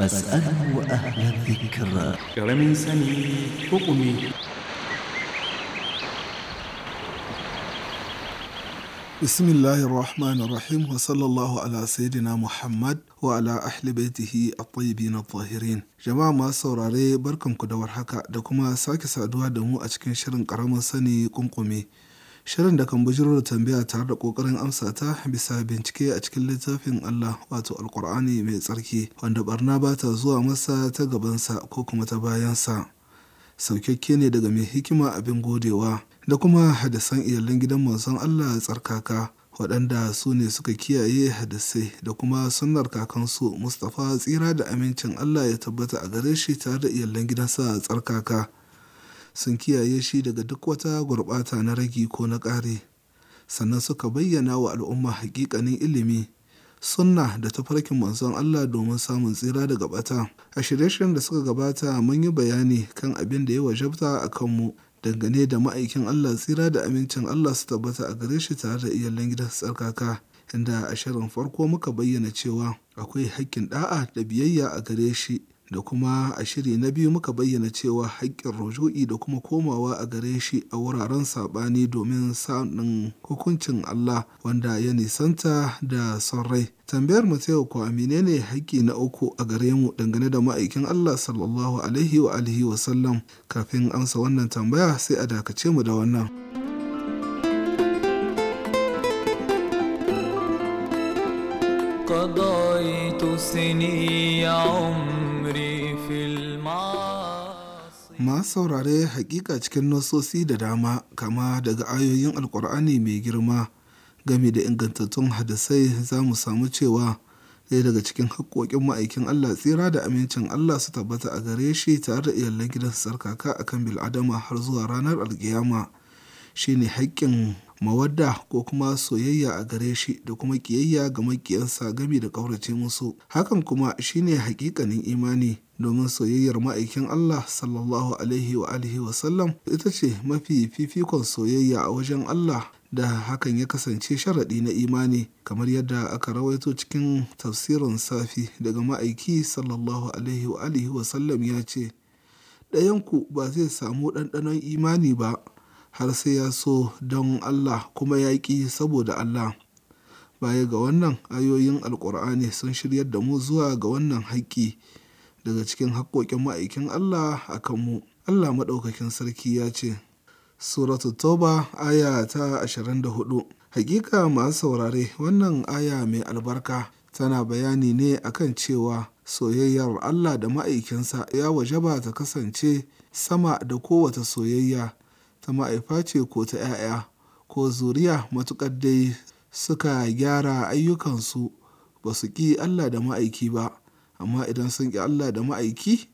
فاسأله أهل الذكر كرم سني فقمي بسم الله الرحمن الرحيم وصلى الله على سيدنا محمد وعلى أهل بيته الطيبين الطاهرين جماعة ما سوراري بركم كدور حكا دكما ساكس سادوها دمو أشكين شرن كرم سني قمقمي shirin da kan bujiro da tambaya tare da kokarin amsa ta bisa bincike a cikin littafin Allah wato alkur'ani mai tsarki wanda barna ba ta zuwa masa ta gabansa ko kuma ta bayansa saukakke ne daga mai hikima abin godewa da kuma hadisan iyalan gidan manzon Allah tsarkaka waɗanda su ne suka kiyaye hadisai da kuma sunnar kakansu mustapha tsira da amincin Allah ya tabbata a gare shi tare da iyalan gidansa tsarkaka sun kiyaye shi daga duk wata gurɓata na ragi ko na ƙare sannan suka bayyana wa al'umma hakikanin ilimi sunna da tafarkin manzon Allah domin samun tsira daga bata a shirye-shiryen da suka gabata mun yi bayani kan abin da ya wajabta a kanmu dangane da ma'aikin Allah tsira da amincin Allah su tabbata a gare shi tare da iyalan gidan tsarkaka inda a shirin farko muka bayyana cewa akwai haƙƙin da'a da biyayya a gare shi da kuma a shiri na biyu muka bayyana cewa haƙƙin ruju'i da kuma komawa a gare shi a wuraren saɓani domin sanin hukuncin Allah wanda ya nisanta da son rai. Tambayar mu ta yau amine ne haƙƙi na uku a gare mu dangane da ma'aikin Allah sallallahu alaihi wa alihi wa sallam kafin amsa wannan tambaya sai a dakace mu da wannan. قضيت سني saurare hakika cikin nasosi da dama kama daga ayoyin alkur'ani mai girma game da ingantattun hadisai za mu samu cewa ɗaya daga cikin haƙoƙin ma'aikin Allah tsira da amincin Allah su tabbata a gare shi tare da iyalan gidan sarkaka kan bil'adama har zuwa ranar alkiyama shine haƙƙin mawadda ko kuma soyayya a gare shi da kuma ƙiyayya ga makiyansa gami da ƙaurace musu hakan kuma shine hakikanin imani domin soyayyar ma'aikin Allah sallallahu alaihi wa alihi wa sallam ita ce mafi fifikon soyayya a wajen Allah da hakan ya kasance sharaɗi na imani kamar yadda aka rawaito cikin tafsirin safi daga ma'aiki sallallahu alaihi wa alihi wa sallam ya ce ɗayanku ba zai samu ɗanɗanon imani ba har sai ya so don Allah kuma ya ƙi saboda Allah. Baya ga wannan, ayoyin Alƙur'ani sun shiryar da mu zuwa ga wannan haƙƙi daga cikin haƙƙoƙin ma'aikin Allah a kanmu. Allah Maɗaukakin Sarki ya ce, Suratu Toba aya ta 24 Hakika masu saurare wannan aya mai albarka tana bayani ne akan cewa soyayyar Allah da ma'aikinsa ya ba ta kasance sama da kowace soyayya ta ma'aifa ce ko ta ‘ya'ya ko zuriya matuƙar dai suka gyara ayyukansu ba su ƙi Allah da ma'aiki ba, amma idan sun ƙi Allah da ma'aiki,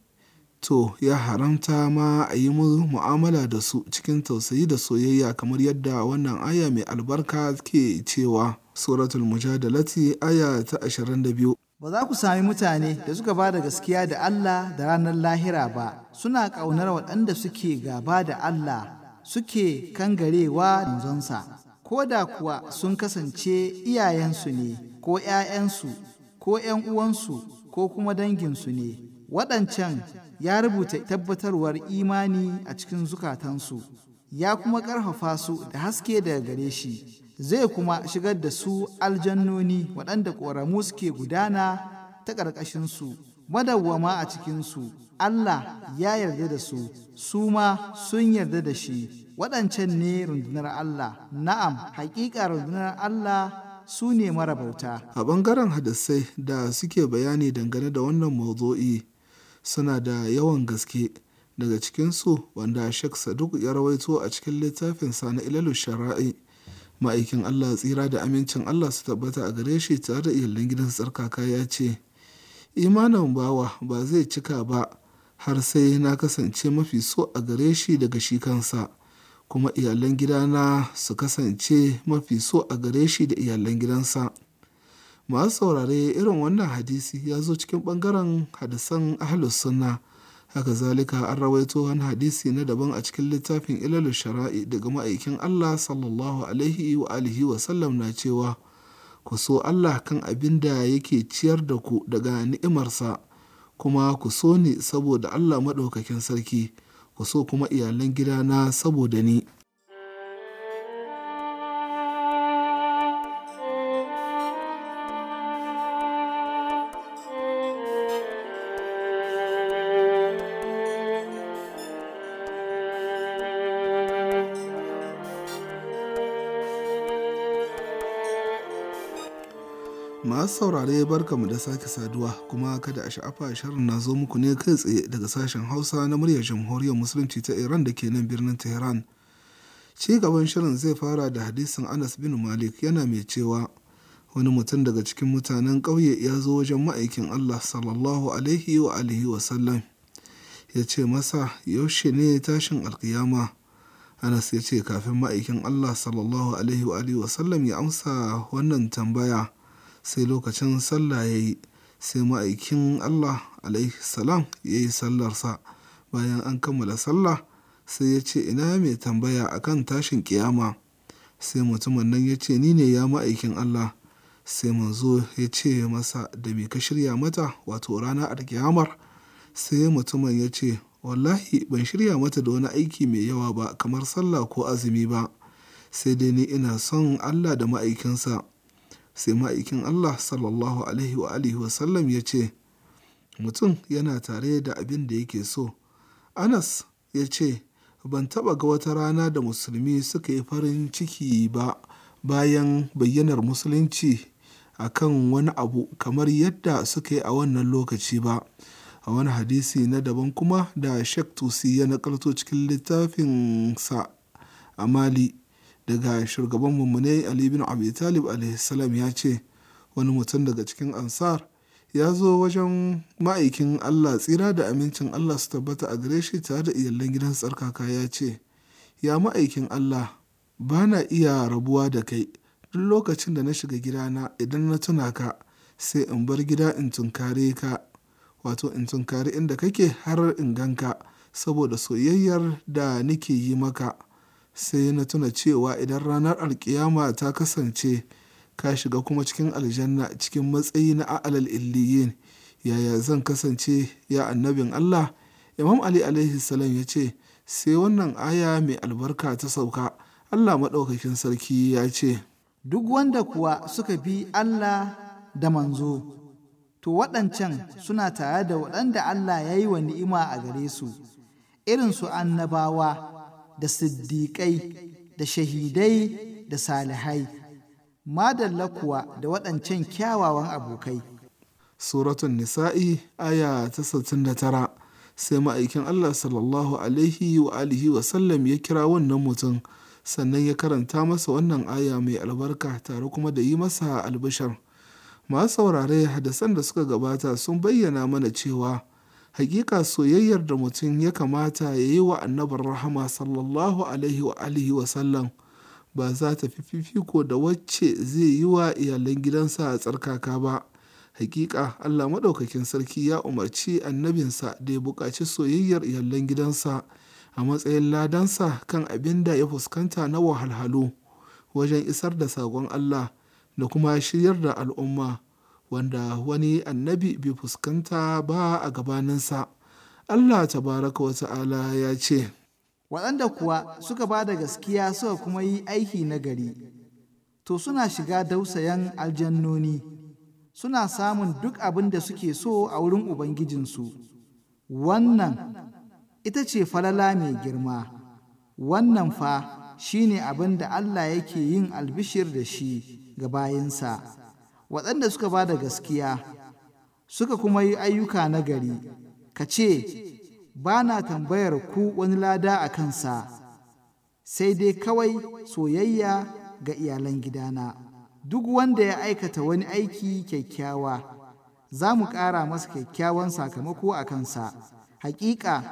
to ya haramta ma a yi mu'amala da su cikin tausayi da soyayya kamar yadda wannan aya mai albarka ke cewa suratul mujadalati aya ta 22 ba za ku sami mutane da suka ba da gaskiya da Allah da ranar lahira ba suna ƙaunar waɗanda suke gaba da Allah suke kangarewa manzonsa, ko da kuwa sun kasance iyayensu ne ko ‘ya'yansu ko ‘yan uwansu ko kuma danginsu ne. Waɗancan ya rubuta tabbatarwar imani a cikin zukatansu, ya kuma ƙarfafa su da haske daga gare shi, zai kuma shigar da su aljannoni waɗanda ƙoramu suke gudana ta ƙarƙashinsu, madawwama a cikinsu, Allah ya yarda da su, su ma sun yarda da shi, waɗancan ne rundunar Allah, na'am, haƙiƙa rundunar Allah su ne marabauta. A ɓangaren hadisai da suke bayani dangane da wannan mawdu'i suna da yawan gaske. daga cikinsu wanda Sheikh Saduk ya rawaito a cikin littafin sa na ilalu shara'i ma'aikin Allah tsira da amincin Allah su tabbata a gare shi tare da iyalan gidan tsarkaka ya ce imanin bawa ba zai cika ba har sai na kasance mafi so a gare shi daga shi kansa kuma iyalan gidana su kasance mafi so a gare shi da iyalan gidansa masu saurare irin wannan hadisi ya zo cikin bangaren hadisan ahlus sunna haka zalika an rawaito wani hadisi na daban a cikin littafin ilalu shara'i daga ma'aikin allah sallallahu alaihi wa alihi wa sallam na cewa ku so Allah kan abin da yake ciyar da ku daga ni'imarsa, kuma ku so ni saboda Allah Maɗaukakin Sarki, ku so kuma iyalan gidana saboda ni. masu saurare barkamu da sake saduwa kuma kada a sha'afa shirin na zo muku ne kai tsaye daga sashen hausa na muryar jamhuriyar musulunci ta iran da ke nan birnin tehran ci gaban shirin zai fara da hadisin anas bin malik yana mai cewa wani mutum daga cikin mutanen ƙauye ya zo wajen ma'aikin allah sallallahu alaihi wa alihi wa sallam ya ce masa yaushe ne tashin alkiyama anas ya ce kafin ma'aikin allah sallallahu alaihi wa alihi wa sallam ya amsa wannan tambaya sai lokacin sallah ya yi sai ma'aikin Allah salam ya yi sallarsa bayan an kammala sallah sai ya ce ina mai tambaya akan tashin kiyama sai mutumin nan ya ce ni ne ya ma'aikin Allah sai manzo ya ce masa da me ka shirya mata wato rana a kiyamar sai mutumin ya ce wallahi ban shirya mata da wani aiki mai yawa ba kamar sallah ko azumi ba sai dai ni ina son Allah da ma'aikinsa sai ma'aikin Allah sallallahu alaihi wa alihi sallam ya ce mutum yana tare da abin da yake so anas ya ce ban taɓa ga wata rana da musulmi suka yi farin ciki ba bayan bayyanar musulunci a kan wani abu kamar yadda suka yi a wannan lokaci ba a wani hadisi na daban kuma da shek tusi ya nakalto cikin littafinsa a mali daga shugaban mummune Ali bin Abi Talib alaihissalam ya ce wani mutum daga cikin ansar ya zo wajen ma'aikin Allah tsira da amincin Allah su tabbata a gare shi tare da iyalan gidan tsarkaka ya ce ya ma'aikin Allah ba na iya rabuwa da kai duk lokacin da na shiga gidana idan na tuna ka sai in bar gida in tunkare ka wato in tunkari inda kake har in ganka saboda soyayyar da nake yi maka sai na tuna cewa idan ranar alkiyama ta kasance ka shiga kuma cikin aljanna cikin matsayi na a'alal illiyin yaya zan kasance ya annabin Allah Imam Ali alaihi salam ya ce sai wannan aya mai albarka ta sauka Allah maɗaukakin sarki ya ce duk wanda kuwa suka bi Allah da manzo to waɗancan suna tare da waɗanda Allah ya yi wa ni'ima a gare su irin su annabawa da siddiƙai da shahidai da salihai madalla kuwa da waɗancan kyawawan abokai suratun nisa'i aya ta tara, sai ma'aikin allah sallallahu alaihi wa alihi wa sallam ya kira wannan mutum sannan ya karanta masa wannan aya mai albarka tare kuma da yi masa albishar masu saurare hadasan da suka gabata sun bayyana mana cewa Hakika soyayyar da mutum ya kamata ya yi wa annabar rahama sallallahu alaihi wa alihi wa sallam ba za ta fi fifiko da wacce zai yi wa iyalan gidansa a tsarkaka ba. Hakika Allah Maɗaukakin Sarki ya umarci annabinsa da ya buƙaci soyayyar iyalan gidansa a matsayin ladansa kan abin da ya fuskanta na wahalhalu wajen isar da saƙon Allah da kuma shiryar da al'umma. wanda wani annabi bai fuskanta ba a gabaninsa. Allah tabaraka wa ta'ala ya ce, Waɗanda kuwa suka ba da gaskiya suka kuma yi aiki na gari, to suna shiga dausayan aljannoni, suna samun duk abin da suke so a wurin Ubangijinsu. Wannan ita ce falala mai girma, wannan fa shine abin da Allah yake yin albishir da shi ga bayansa waɗanda suka ba da gaskiya suka kuma yi ayyuka na gari ka ce ba na tambayar ku wani lada a kansa sai dai kawai soyayya ga iyalan gidana duk wanda ya aikata wani aiki kyakkyawa za mu ƙara masa kyakkyawan sakamako a kansa hakika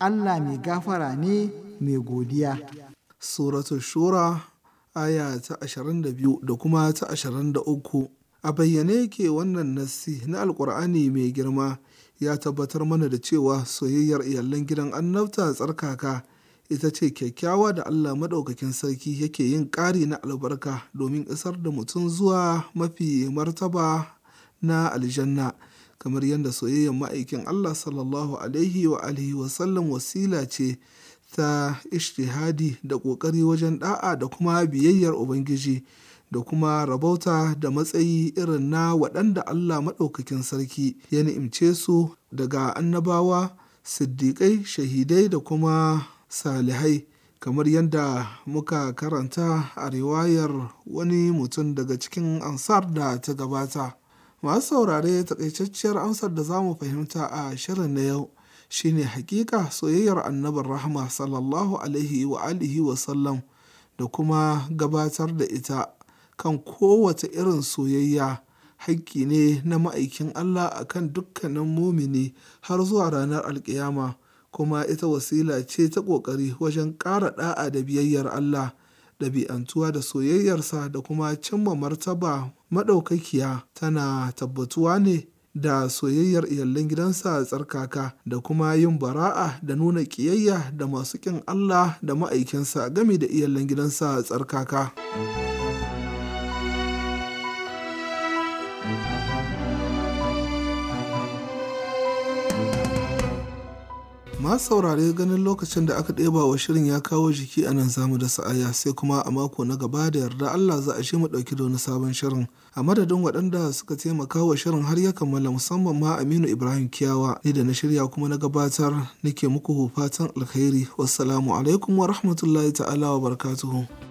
Allah mai gafara ne mai godiya suratul shura aya ta 22 da kuma ta 23 A bayyane yake wannan nassi na alkur'ani mai girma ya tabbatar mana da cewa soyayyar iyalan gidan annabta tsarkaka ita ce kyakkyawa da Allah Maɗaukakin Sarki yake yin ƙari na albarka domin isar da mutum zuwa mafi martaba na aljanna kamar yadda soyayyar ma'aikin Allah sallallahu alaihi wa alihi wa sallam wasila ce ta ishtihadi da ƙoƙari wajen da'a da kuma biyayyar Ubangiji. da kuma rabauta da matsayi irin na waɗanda Allah Maɗaukakin Sarki ya ni'imce su daga annabawa, siddiƙai, shahidai da kuma salihai, kamar yadda muka karanta a riwayar wani mutum daga cikin ansar da ta gabata. Masu saurare takaitacciyar amsar da za mu fahimta a shirin na yau. shine hakika soyayyar annabar rahama sallallahu alaihi wa alihi wa sallam da kuma gabatar da ita kan kowace irin soyayya haƙƙi ne na ma'aikin Allah a kan dukkanin mumini har zuwa ranar alƙiyama, kuma ita wasila ce ta ƙoƙari wajen ƙara ɗa'a da biyayyar Allah, da bi'antuwa da soyayyarsa da kuma cimma martaba maɗaukakiya tana tabbatuwa ne da soyayyar iyalin gidansa tsarkaka da kuma yin bara'a da nuna ƙiyayya da masu ƙin Allah da ma'aikinsa gami da iyalin gidansa tsarkaka. Ma saurare ganin lokacin da aka ɗeba wa shirin ya kawo jiki a nan zamu da sa'aya sai kuma a mako na gaba da yarda Allah za a shi mu ɗauki da wani sabon shirin a madadin waɗanda suka taimaka wa shirin har ya kammala musamman ma Aminu Ibrahim Kiyawa ni da na shirya kuma na gabatar nake muku fatan alkhairi wassalamu alaikum wa rahmatullahi ta'ala wa barakatuhu